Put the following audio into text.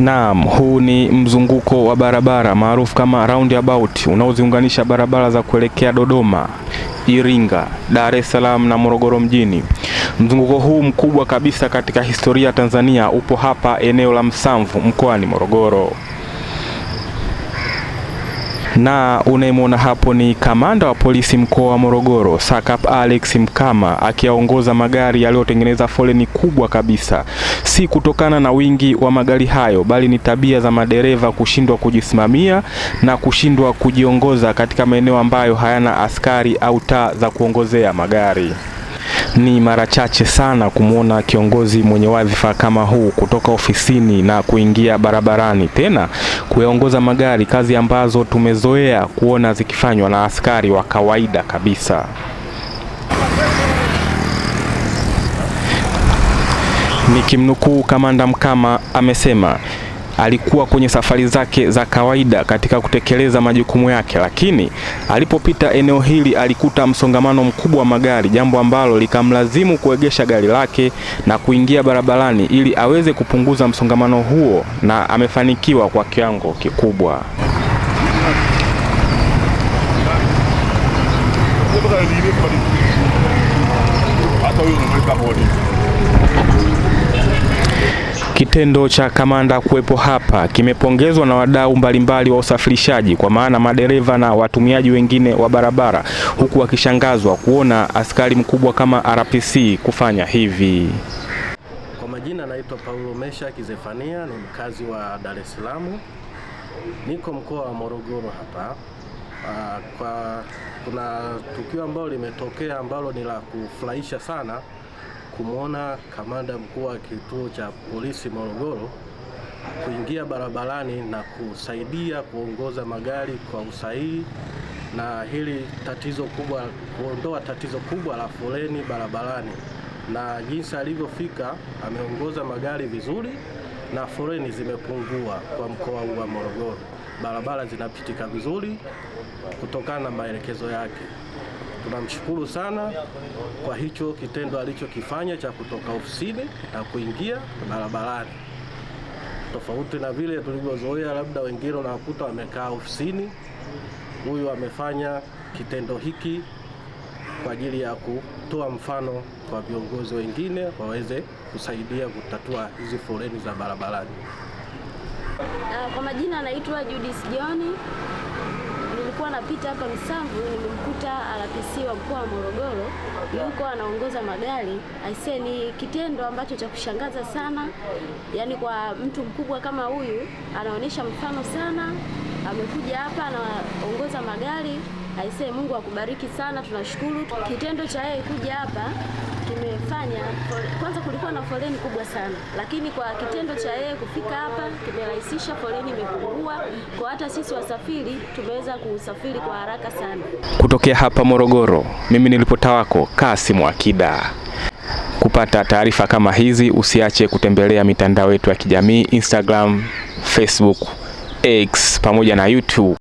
Naam, huu ni mzunguko wa barabara maarufu kama roundabout unaoziunganisha barabara za kuelekea Dodoma, Iringa, Dar es Salaam na Morogoro mjini. Mzunguko huu mkubwa kabisa katika historia ya Tanzania upo hapa eneo la Msamvu mkoani Morogoro na unayemwona hapo ni kamanda wa polisi mkoa wa Morogoro SACP Alex Mkama akiyaongoza magari yaliyotengeneza foleni kubwa kabisa, si kutokana na wingi wa magari hayo, bali ni tabia za madereva kushindwa kujisimamia na kushindwa kujiongoza katika maeneo ambayo hayana askari au taa za kuongozea magari. Ni mara chache sana kumwona kiongozi mwenye wadhifa kama huu kutoka ofisini na kuingia barabarani tena kuyaongoza magari, kazi ambazo tumezoea kuona zikifanywa na askari wa kawaida kabisa. Nikimnukuu Kamanda Mkama amesema alikuwa kwenye safari zake za kawaida katika kutekeleza majukumu yake, lakini alipopita eneo hili alikuta msongamano mkubwa wa magari, jambo ambalo likamlazimu kuegesha gari lake na kuingia barabarani ili aweze kupunguza msongamano huo, na amefanikiwa kwa kiwango kikubwa. Kitendo cha kamanda kuwepo hapa kimepongezwa na wadau mbalimbali wa usafirishaji, kwa maana madereva na watumiaji wengine wa barabara, huku wakishangazwa kuona askari mkubwa kama RPC kufanya hivi. Kwa majina naitwa Paulo Mesha Kizefania, ni mkazi wa Dar es Salaam, niko mkoa wa Morogoro hapa. Ah, kwa kuna tukio ambalo limetokea ambalo ni la kufurahisha sana kumwona kamanda mkuu wa kituo cha polisi Morogoro kuingia barabarani na kusaidia kuongoza magari kwa usahihi na hili tatizo kubwa, kuondoa tatizo kubwa la foleni barabarani, na jinsi alivyofika ameongoza magari vizuri na foleni zimepungua kwa mkoa huu wa Morogoro. Barabara zinapitika vizuri kutokana na maelekezo yake tunamshukuru sana kwa hicho kitendo alichokifanya cha kutoka ofisini na kuingia barabarani, tofauti na vile tulivyozoea, labda wengine unawakuta wamekaa ofisini. Huyu amefanya kitendo hiki kwa ajili ya kutoa mfano kwa viongozi wengine waweze kusaidia kutatua hizi foleni za barabarani. Ah, kwa majina anaitwa Judith John nilikuwa napita hapa Msamvu, nimemkuta RPC wa mkoa wa Morogoro yuko anaongoza magari. Aisee, ni kitendo ambacho cha kushangaza sana, yaani kwa mtu mkubwa kama huyu anaonyesha mfano sana, amekuja hapa anaongoza magari Aise, Mungu akubariki sana, tunashukuru. Kitendo cha yeye kuja hapa kimefanya kwanza, kulikuwa na foleni kubwa sana, lakini kwa kitendo cha yeye kufika hapa kimerahisisha, foleni imepungua, kwa hata sisi wasafiri tumeweza kusafiri kwa haraka sana. Kutokea hapa Morogoro, mimi nilipotawako Kasim Akida. Kupata taarifa kama hizi, usiache kutembelea mitandao yetu ya kijamii Instagram, Facebook, X pamoja na YouTube.